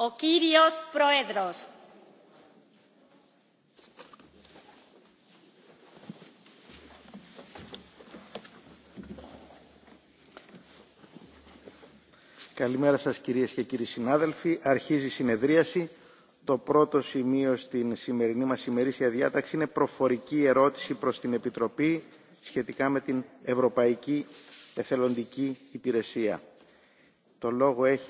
ο κύριος Πρόεδρος. Καλημέρα σας κυρίες και κύριοι συνάδελφοι. Αρχίζει η συνεδρίαση. Το πρώτο σημείο στην σημερινή μας ημερήσια διάταξη είναι προφορική ερώτηση προς την Επιτροπή σχετικά με την Ευρωπαϊκή Εθελοντική Υπηρεσία. Το λόγο έχει